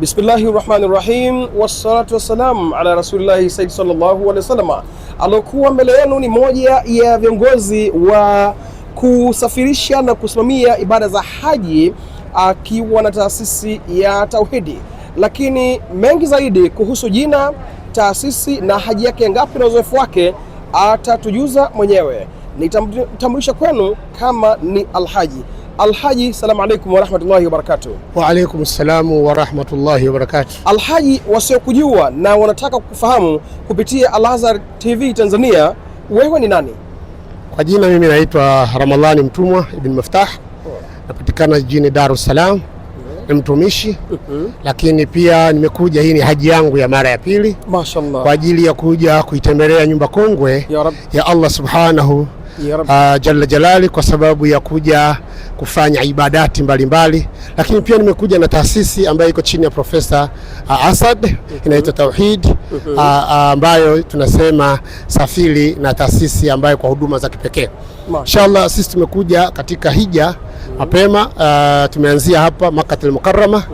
Bismillahi rahmani rahim, wassalatu wassalam ala rasulillahi said sallallahu alaihi wasalama. Aliokuwa mbele yenu ni moja ya viongozi wa kusafirisha na kusimamia ibada za haji akiwa na taasisi ya Tauhidi, lakini mengi zaidi kuhusu jina, taasisi na haji yake ngapi na uzoefu wake atatujuza mwenyewe. Nitamtambulisha kwenu kama ni Alhaji Alhaji, salamu alaikum warahmatullahi wabarakatuh. Wa salamu warahmatullahi wabarakatuh. Alhaji, wasiokujua na wanataka kufahamu kupitia alazar TV Tanzania, wewe ni nani? Kwa jina mimi naitwa Ramadhani Mtumwa Ibn Maftah, napatikana jijini Dar es Salaam, ni mtumishi mm-hmm. lakini pia nimekuja, hii ni haji yangu ya mara ya pili Mashaallah, kwa ajili ya kuja kuitembelea nyumba kongwe ya, ya Allah subhanahu ya uh, jalla jalali, kwa sababu ya kuja kufanya ibadati mbalimbali mbali. Lakini pia nimekuja na taasisi ambayo iko chini ya Profesa uh, Asad mhm. inaitwa Tauhid mhm. uh, uh, ambayo tunasema safiri na taasisi ambayo kwa huduma za kipekee inshallah. Sisi tumekuja katika hija mhm. mapema uh, tumeanzia hapa Makkatul Mukarrama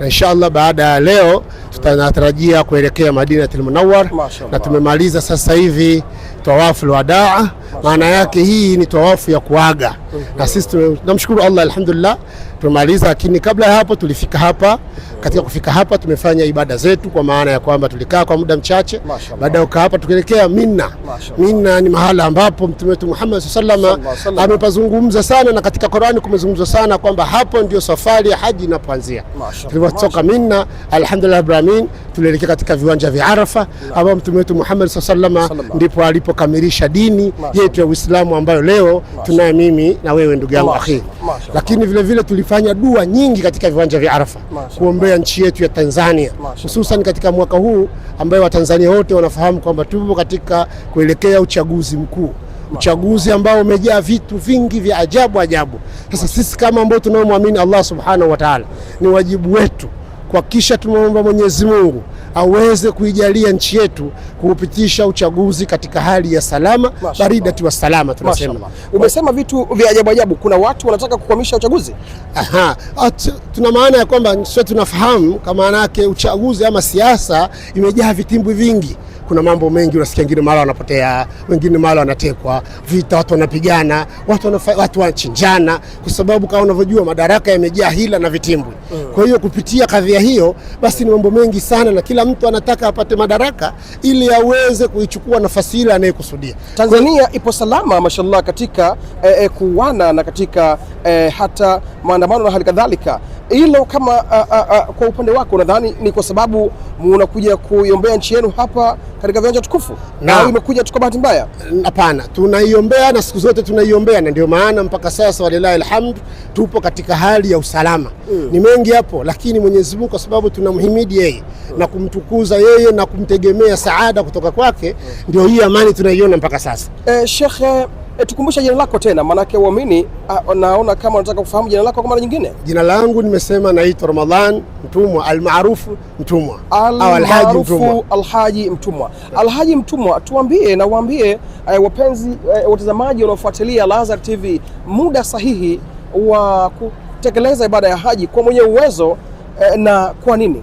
na inshallah baada ya leo tunatarajia kuelekea Madinatul Munawwar na tumemaliza sasa hivi tawafu alwadaa. Maana yake hii ni tawafu ya kuaga mm -hmm. na sisi نمشكر الله الحمد لله tumemaliza. Lakini kabla ya hapo tulifika hapa. Katika kufika hapa tumefanya ibada zetu, kwa maana ya kwamba tulikaa kwa muda mchache. Baada ya kukaa hapa tukielekea Mina. Mina ni mahala ambapo Mtume wetu Muhammad sallallahu alaihi wasallam amepazungumza sana, na katika Qur'ani kumezungumzwa sana kwamba hapo ndio safari ya haji inapoanzia. Tulipotoka Mina, alhamdulillah ibrahimin, tulielekea katika viwanja vya Arafa ambapo Mtume wetu Muhammad sallallahu alaihi wasallam ndipo alipokamilisha dini yetu ya Uislamu ambayo leo tunayo mimi na wewe ndugu yangu akhi, lakini vile vile tuli tulifanya dua nyingi katika viwanja vya Arafa kuombea nchi yetu ya Tanzania, hususan katika mwaka huu ambayo Watanzania wote wanafahamu kwamba tupo katika kuelekea uchaguzi mkuu uchaguzi ambao umejaa vitu vingi vya ajabu ajabu. Sasa sisi kama ambao tunaomwamini Allah subhanahu wa taala, ni wajibu wetu kuhakikisha tumeomba Mwenyezi Mungu aweze kuijalia nchi yetu kuupitisha uchaguzi katika hali ya salama, baridati wa salama. Tunasema umesema vitu vya ajabu ajabu, kuna watu wanataka kukwamisha uchaguzi. Aha, At, tuna maana ya kwamba sote tunafahamu kama maana yake uchaguzi ama siasa imejaa vitimbwi vingi kuna mambo mengi unasikia, wengine mara wanapotea, wengine mara wanatekwa, vita, watu wanapigana, watu, watu wanachinjana, kwa sababu kama unavyojua madaraka yamejaa hila na vitimbwi. Mm. Kwa hiyo kupitia kadhia hiyo, basi ni mambo mengi sana, na kila mtu anataka apate madaraka ili aweze kuichukua nafasi ile anayokusudia. Tanzania ipo salama mashallah katika e, e, kuwana na katika e, hata maandamano na hali kadhalika hilo kama a, ah, a, ah, a, ah, kwa upande wako, nadhani ni kwa sababu mnakuja kuiombea nchi yenu hapa katika viwanja tukufu na imekuja tu kwa bahati mbaya? Hapana, tunaiombea na siku zote tunaiombea, na ndio maana mpaka sasa walilahi alhamdu tupo katika hali ya usalama mm. Ni mengi hapo, lakini Mwenyezi Mungu kwa sababu tunamhimidi yeye mm. na kumtukuza yeye na kumtegemea saada kutoka kwake mm. Ndio hii amani tunaiona mpaka sasa eh, Shekhe eh, E, eh, tukumbusha jina lako tena, maanake waamini ah, naona kama unataka kufahamu jina lako kwa mara nyingine. Jina langu nimesema, naitwa Ramadhan Mtumwa almaarufu Mtumwa al Alhaji Mtumwa, Alhaji Mtumwa, Alhaji Mtumwa. Tuambie na waambie eh, wapenzi eh, watazamaji wanaofuatilia Lazar TV muda sahihi wa kutekeleza ibada ya haji kwa mwenye uwezo eh, na kwa nini?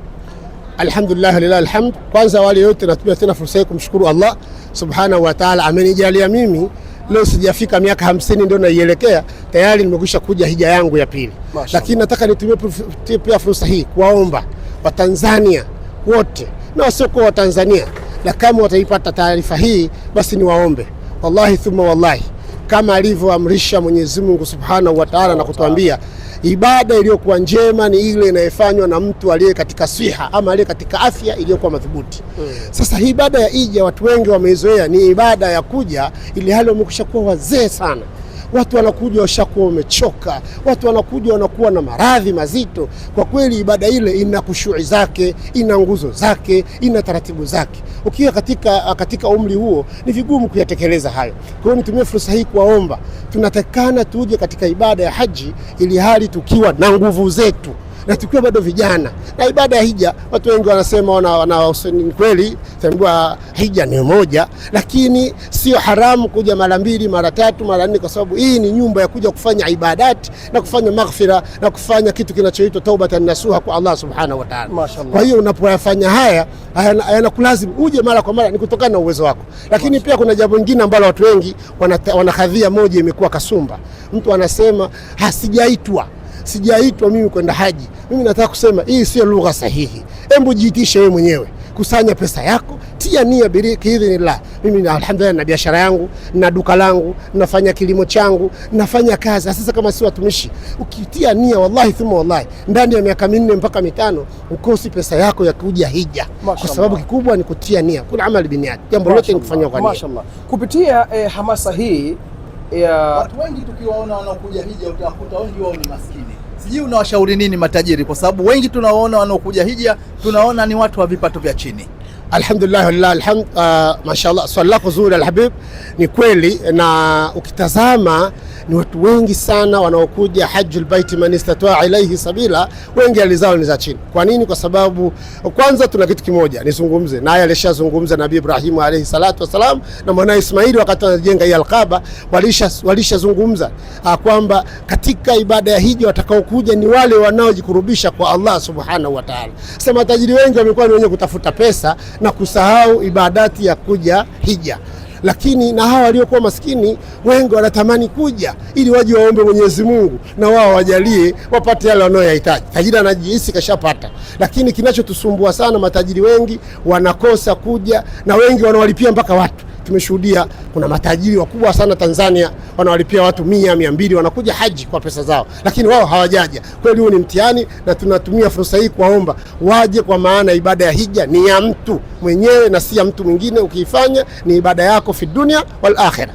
Alhamdulillah, lillahi alhamd. Kwanza wale yote natumia tena fursa hii kumshukuru Allah subhanahu wa ta'ala amenijalia mimi leo sijafika miaka hamsini ndio naielekea, tayari nimekwisha kuja hija yangu ya pili. Lakini nataka nitumie pia fursa hii kuwaomba Watanzania wote na wasiokuwa Watanzania, na kama wataipata taarifa hii, basi niwaombe wallahi thumma wallahi, kama alivyoamrisha Mwenyezi Mungu Subhanahu wa Ta'ala na kutuambia Ibada iliyokuwa njema ni ile inayofanywa na mtu aliye katika swiha ama aliye katika afya iliyokuwa madhubuti. Hmm. Sasa hii ibada ya ija watu wengi wameizoea ni ibada ya kuja ili hali wamekwisha kuwa wazee sana watu wanakuja washakuwa wamechoka, watu wanakuja wanakuwa na maradhi mazito. Kwa kweli, ibada ile ina kushui zake, ina nguzo zake, ina taratibu zake. Ukiwa katika, katika umri huo ni vigumu kuyatekeleza hayo. Kwa hiyo nitumie fursa hii kuwaomba, tunatakana tuje katika ibada ya haji ili hali tukiwa na nguvu zetu na tukiwa bado vijana na ibada ya hija, watu wengi wanasema wana, wana ni kweli tambua hija ni moja, lakini sio haramu kuja mara mbili mara tatu mara nne, kwa sababu hii ni nyumba ya kuja kufanya ibadati na kufanya maghfira na kufanya kitu kinachoitwa taubatan nasuha kwa Allah subhanahu wa ta'ala. Kwa hiyo unapoyafanya haya yanakulazimu uje mara kwa mara, ni kutokana na uwezo wako. Lakini pia kuna jambo lingine ambalo watu wengi wanakadhia, moja imekuwa kasumba, mtu anasema hasijaitwa sijaitwa mimi kwenda haji. Mimi nataka kusema hii sio lugha sahihi. Hebu jiitishe wewe mwenyewe, kusanya pesa yako, tia nia biidhnillah. Mimi alhamdulillah, na biashara yangu na duka langu, nafanya kilimo changu, nafanya kazi. Sasa kama si watumishi, ukitia nia, wallahi thumma wallahi, ndani ya miaka minne mpaka mitano ukosi pesa yako ya kuja hija, kwa sababu kikubwa ni kutia nia. Kuna amali biniyat, jambo lote kufanya kwa nia. kupitia eh, hamasa hii Watu wengi tukiwaona wanaokuja hija utakuta wengi wao ni maskini. Sijui unawashauri nini matajiri, kwa sababu wengi tunawaona wanaokuja hija tunaona ni watu wa vipato vya chini. Alhamdulillah, wallah alhamd. Uh, mashallah, swali lako zuri alhabib, ni kweli na ukitazama ni watu wengi sana wanaokuja hajjul baiti man istataa ilaihi sabila, wengi hali zao ni za chini. Kwa nini? Kwa sababu kwanza tuna kitu kimoja nizungumze, naye alishazungumza Nabii Ibrahimu alaihi salatu wassalam na mwanae Ismaili wakati wanajenga hii Alkaba, walishazungumza walisha kwamba katika ibada ya hija watakaokuja ni wale wanaojikurubisha kwa Allah subhanahu wa taala. Sasa matajiri wengi wamekuwa ni wenye kutafuta pesa na kusahau ibadati ya kuja hija lakini na hawa waliokuwa maskini wengi wanatamani kuja ili waje waombe Mwenyezi Mungu na wao wajalie wapate yale wanayoyahitaji. Tajiri anajihisi kashapata, lakini kinachotusumbua sana, matajiri wengi wanakosa kuja na wengi wanawalipia mpaka watu tumeshuhudia kuna matajiri wakubwa sana Tanzania wanawalipia watu mia mia mbili wanakuja haji kwa pesa zao, lakini wao hawajaja. Kweli huo ni mtihani, na tunatumia fursa hii kuwaomba waje, kwa maana ibada ya hija ni ya mtu mwenyewe na si ya mtu mwingine. Ukiifanya ni ibada yako fi dunia wal akhira.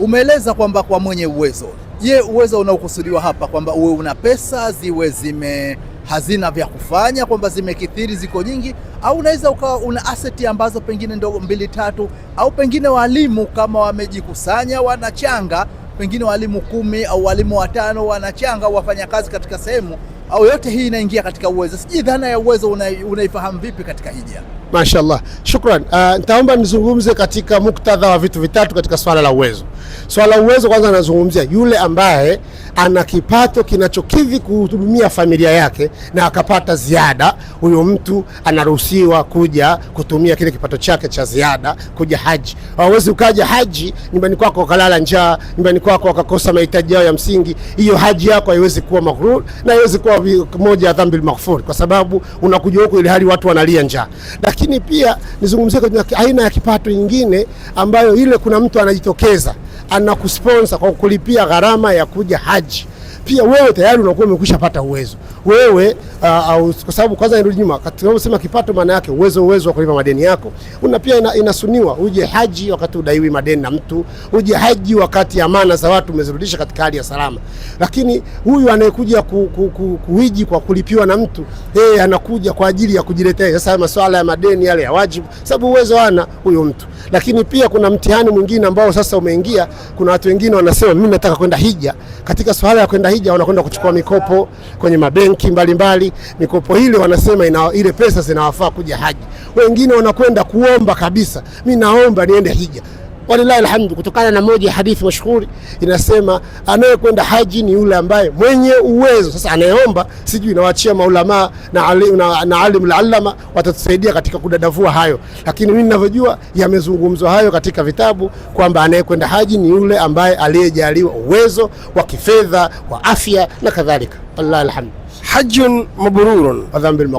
Umeeleza kwamba kwa mwenye uwezo. Je, uwezo unaokusudiwa hapa kwamba uwe una pesa ziwe zime hazina vya kufanya kwamba zimekithiri ziko nyingi, au unaweza ukawa una aseti ambazo pengine ndogo mbili tatu, au pengine walimu kama wamejikusanya wanachanga, pengine walimu kumi au walimu watano wanachanga wafanya kazi katika sehemu au yote hii inaingia katika uwezo. Sijui dhana ya uwezo unaifahamu una vipi katika hija? Mashallah, shukran. Uh, nitaomba nizungumze katika muktadha wa vitu vitatu katika swala la uwezo. Swala uwezo kwanza, anazungumzia yule ambaye ana kipato kinachokidhi kuhudumia familia yake na akapata ziada. Huyo mtu anaruhusiwa kuja kutumia kile kipato chake cha ziada kuja haji. Hawezi ukaja haji nyumbani kwako ukalala njaa, nyumbani kwako ukakosa mahitaji yao ya msingi. Hiyo haji yako haiwezi kuwa magrur na haiwezi kuwa moja ya dhambi maghfuri, kwa sababu unakuja huko ili hali watu wanalia njaa. Lakini pia nizungumzie aina ya kipato nyingine ambayo ile kuna mtu anajitokeza anakusponsa kwa kulipia gharama ya kuja haji. Pia wewe tayari unakuwa umekwishapata uwezo wewe uh, kwa sababu kwanza irudi nyuma, tunaposema kipato maana yake uwezo uwezo wa kulipa madeni yako. Una pia ina, inasuniwa uje haji wakati udaiwi madeni na mtu, uje haji wakati amana za watu umezirudisha katika hali ya salama. Lakini huyu anayekuja ku, ku, ku, kuiji kwa kulipiwa na mtu, yeye anakuja kwa ajili ya kujiletea sasa masuala ya madeni yale ya wajibu, sababu uwezo hana huyo mtu. Lakini pia kuna mtihani mwingine ambao sasa umeingia. Kuna watu wengine wanasema mimi nataka kwenda hija. Katika swala ya kwenda hija wanakwenda kuchukua mikopo kwenye mabenki benki mbalimbali mikopo ile, wanasema ina, ile pesa zinawafaa kuja haji. Wengine wanakwenda kuomba kabisa, mi naomba niende hija. Walilahi alhamdu, kutokana na moja ya hadithi mashuhuri inasema anayekwenda haji ni yule ambaye mwenye uwezo. Sasa anayeomba sijui, nawaachia maulamaa na na, na alim alama watatusaidia katika kudadavua hayo, lakini mimi ninavyojua yamezungumzwa hayo katika vitabu kwamba anayekwenda haji ni yule ambaye aliyejaliwa uwezo wa kifedha, wa afya na kadhalika. Walilahi alhamdu hajjun mabrurun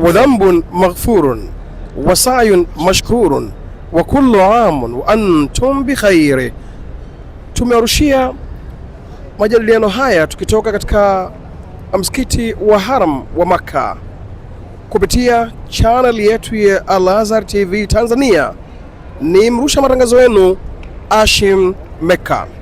wa dhanbun maghfurun wa sayun mashkurun wa kullu amun wa antum bi khairi. Tumearushia majadiliano haya tukitoka katika msikiti wa Haram wa Makka kupitia chaneli yetu ya Al-Azhar TV Tanzania. Ni mrusha matangazo yenu Ashim mecca